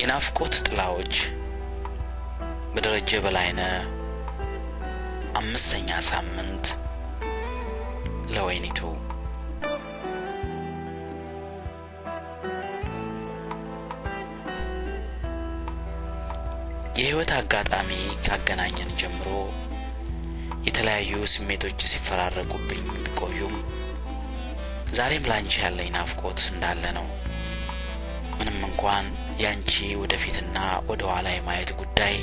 የናፍቆት ጥላዎች በደረጀ በላይነ አምስተኛ ሳምንት ለወይኒቱ የህይወት አጋጣሚ ካገናኘን ጀምሮ የተለያዩ ስሜቶች ሲፈራረቁብኝ ቢቆዩም ዛሬም ላንቺ ያለኝ ናፍቆት እንዳለ ነው ምንም እንኳን ያንቺ ወደፊትና ወደ ኋላ የማየት ጉዳይ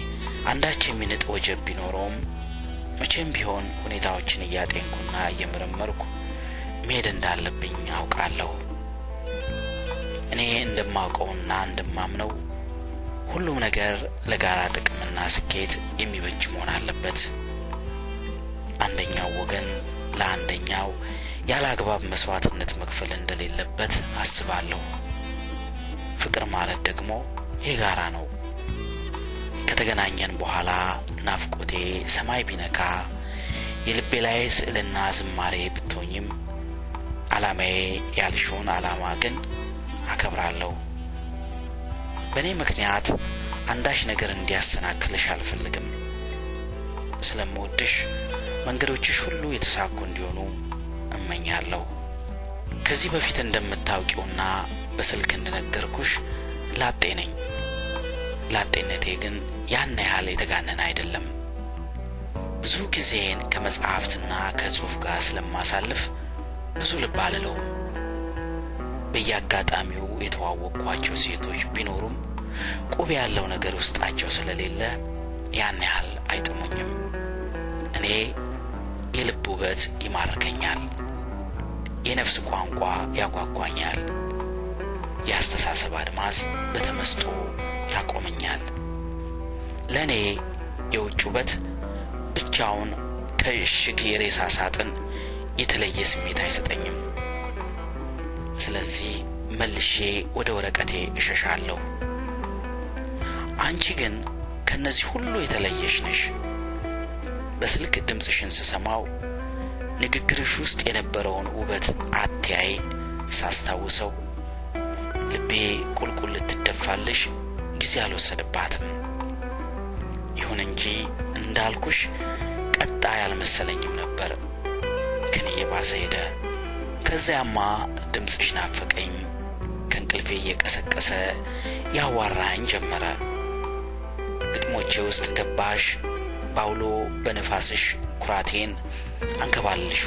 አንዳች የሚንጥ ወጀብ ቢኖረውም መቼም ቢሆን ሁኔታዎችን እያጤንኩና እየመረመርኩ መሄድ እንዳለብኝ አውቃለሁ። እኔ እንደማውቀውና እንደማምነው ሁሉም ነገር ለጋራ ጥቅምና ስኬት የሚበጅ መሆን አለበት። አንደኛው ወገን ለአንደኛው ያለ አግባብ መስዋዕትነት መክፈል እንደሌለበት አስባለሁ። ፍቅር ማለት ደግሞ የጋራ ነው። ከተገናኘን በኋላ ናፍቆቴ ሰማይ ቢነካ የልቤ ላይ ስዕልና ዝማሬ ብትሆኝም ዓላማዬ ያልሽውን ዓላማ ግን አከብራለሁ። በእኔ ምክንያት አንዳች ነገር እንዲያሰናክልሽ አልፈልግም። ስለምወድሽ መንገዶችሽ ሁሉ የተሳኩ እንዲሆኑ እመኛለሁ። ከዚህ በፊት እንደምታውቂውና በስልክ እንደነገርኩሽ ላጤ ነኝ። ላጤነቴ ግን ያን ያህል የተጋነን አይደለም። ብዙ ጊዜን ከመጽሐፍትና ከጽሑፍ ጋር ስለማሳልፍ ብዙ ልብ አልለውም። በየአጋጣሚው የተዋወቅኳቸው ሴቶች ቢኖሩም ቁብ ያለው ነገር ውስጣቸው ስለሌለ ያን ያህል አይጥሙኝም። እኔ የልብ ውበት ይማርከኛል፣ የነፍስ ቋንቋ ያጓጓኛል። የአስተሳሰብ አድማስ በተመስጦ ያቆመኛል። ለእኔ የውጭ ውበት ብቻውን ከእሽግ የሬሳ ሳጥን የተለየ ስሜት አይሰጠኝም። ስለዚህ መልሼ ወደ ወረቀቴ እሸሻለሁ። አንቺ ግን ከእነዚህ ሁሉ የተለየሽ ነሽ። በስልክ ድምፅሽን ስሰማው ንግግርሽ ውስጥ የነበረውን ውበት አትያይ ሳስታውሰው ልቤ ቁልቁል ልትደፋለሽ ጊዜ አልወሰደባትም። ይሁን እንጂ እንዳልኩሽ ቀጣይ አልመሰለኝም ነበር፣ ግን እየባሰ ሄደ። ከዚያማ ድምፅሽ ናፈቀኝ፣ ከእንቅልፌ እየቀሰቀሰ ያዋራኝ ጀመረ። ግጥሞቼ ውስጥ ገባሽ፣ ባውሎ በነፋስሽ ኩራቴን አንከባልሹ፣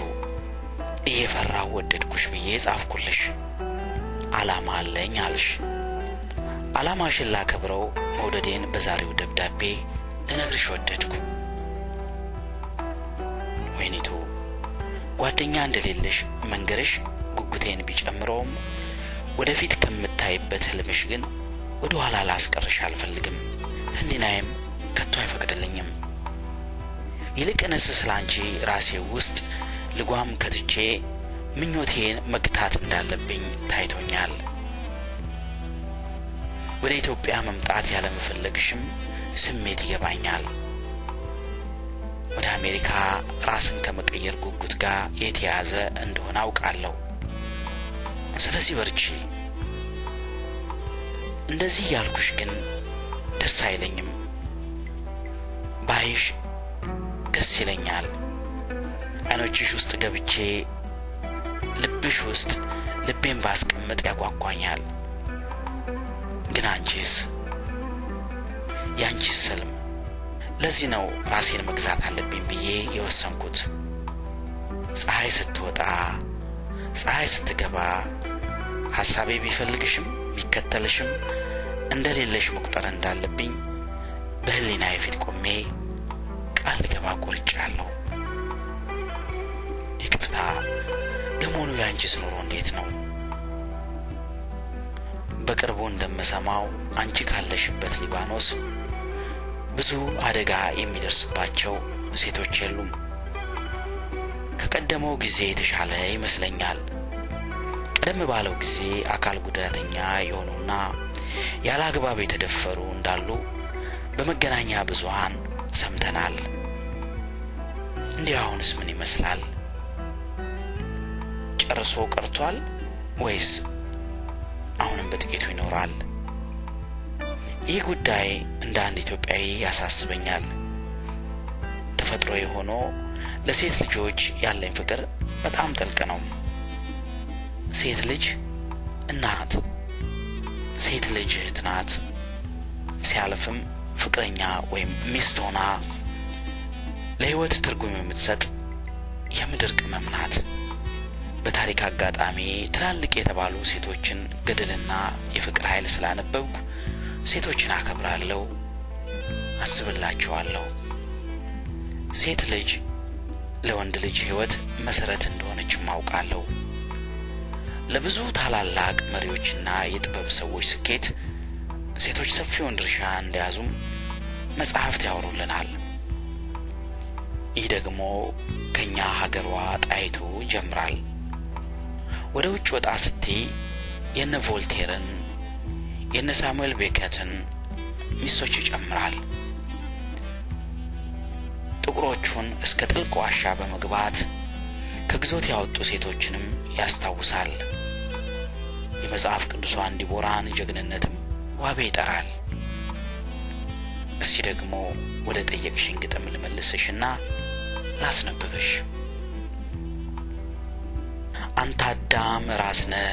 እየፈራ ወደድኩሽ ብዬ ጻፍኩልሽ። ዓላማ አለኝ አልሽ። ዓላማሽን ላከብረው መውደዴን በዛሬው ደብዳቤ ልነግርሽ ወደድኩ። ወይኒቱ ጓደኛ እንደሌለሽ መንገርሽ ጉጉቴን ቢጨምረውም ወደፊት ከምታይበት ህልምሽ ግን ወደ ኋላ ላስቀርሽ አልፈልግም። ህሊናዬም ከቶ አይፈቅድልኝም። ይልቅ ስለ ስላንቺ ራሴ ውስጥ ልጓም ከትቼ ምኞቴን መግታት እንዳለብኝ ታይቶኛል። ወደ ኢትዮጵያ መምጣት ያለመፈለግሽም ስሜት ይገባኛል። ወደ አሜሪካ ራስን ከመቀየር ጉጉት ጋር የተያያዘ እንደሆነ አውቃለሁ። ስለዚህ በርቺ። እንደዚህ ያልኩሽ ግን ደስ አይለኝም። ባይሽ ደስ ይለኛል። አይኖችሽ ውስጥ ገብቼ ልብሽ ውስጥ ልቤን ባስቀምጥ ያጓጓኛል። ግን አንቺስ የአንቺስ ስልም? ለዚህ ነው ራሴን መግዛት አለብኝ ብዬ የወሰንኩት። ፀሐይ ስትወጣ ፀሐይ ስትገባ ሐሳቤ ቢፈልግሽም ቢከተልሽም እንደሌለሽ መቁጠር እንዳለብኝ በህሊና የፊት ቆሜ ቃል ልገባ ቆርጫለሁ። ለመሆኑ የአንቺስ ኑሮ እንዴት ነው? በቅርቡ እንደምሰማው አንቺ ካለሽበት ሊባኖስ ብዙ አደጋ የሚደርስባቸው ሴቶች የሉም። ከቀደመው ጊዜ የተሻለ ይመስለኛል። ቀደም ባለው ጊዜ አካል ጉዳተኛ የሆኑና ያለ አግባብ የተደፈሩ እንዳሉ በመገናኛ ብዙሃን ሰምተናል። እንዲህ አሁንስ ምን ይመስላል? ጨርሶ ቀርቷል ወይስ አሁንም በጥቂቱ ይኖራል? ይህ ጉዳይ እንደ አንድ ኢትዮጵያዊ ያሳስበኛል። ተፈጥሮ የሆኖ ለሴት ልጆች ያለኝ ፍቅር በጣም ጥልቅ ነው። ሴት ልጅ እናት፣ ሴት ልጅ እህት ናት። ሲያልፍም ፍቅረኛ ወይም ሚስት ሆና ለሕይወት ትርጉም የምትሰጥ የምድር ቅመም ናት። በታሪክ አጋጣሚ ትላልቅ የተባሉ ሴቶችን ገድልና የፍቅር ኃይል ስላነበብኩ ሴቶችን አከብራለሁ፣ አስብላቸዋለሁ። ሴት ልጅ ለወንድ ልጅ ሕይወት መሰረት እንደሆነች ማውቃለሁ። ለብዙ ታላላቅ መሪዎችና የጥበብ ሰዎች ስኬት ሴቶች ሰፊውን ድርሻ እንደያዙም መጽሐፍት ያወሩልናል። ይህ ደግሞ ከእኛ ሀገሯ ጣይቱ ይጀምራል። ወደ ውጭ ወጣ ስትይ የነ ቮልቴርን የነ ሳሙኤል ቤከትን ሚስቶች ይጨምራል። ጥቁሮቹን እስከ ጥልቅ ዋሻ በመግባት ከግዞት ያወጡ ሴቶችንም ያስታውሳል። የመጽሐፍ ቅዱሷን ዲቦራን ጀግንነትም ዋቤ ይጠራል። እስቲ ደግሞ ወደ ጠየቅሽን ግጥም ልመልስሽና ላስነብብሽ። አንተ አዳም ራስ ነህ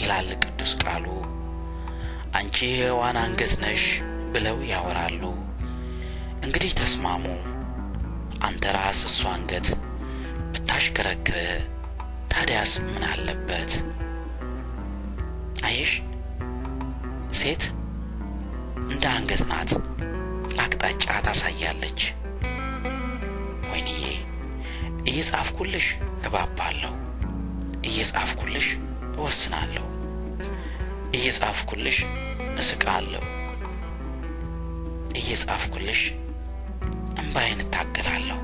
ይላል ቅዱስ ቃሉ። አንቺ የዋን አንገት ነሽ ብለው ያወራሉ። እንግዲህ ተስማሙ። አንተ ራስ እሱ አንገት ብታሽከረክር ታዲያስ ምን አለበት? አይሽ ሴት እንደ አንገት ናት፣ አቅጣጫ ታሳያለች። ወይንዬ እየጻፍኩልሽ እባባለሁ። እየጻፍኩልሽ እወስናለሁ፣ እየጻፍኩልሽ እስቃለሁ፣ እየጻፍኩልሽ እምባይን እታገላለሁ።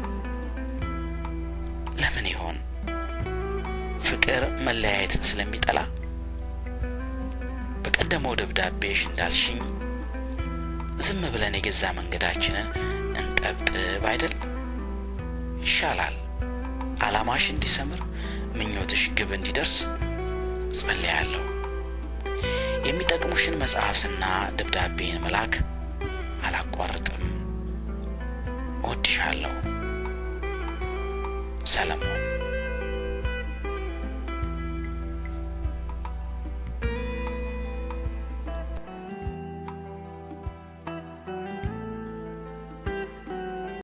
ለምን ይሆን ፍቅር መለያየትን ስለሚጠላ? በቀደመው ደብዳቤሽ እንዳልሽኝ ዝም ብለን የገዛ መንገዳችንን እንጠብጥብ አይደል? ይሻላል አላማሽ እንዲሰምር ምኞትሽ ግብ እንዲደርስ ጸልያለሁ። የሚጠቅሙሽን መጽሐፍትና ደብዳቤን መላክ አላቋርጥም። ወድሻለሁ ሰለሞን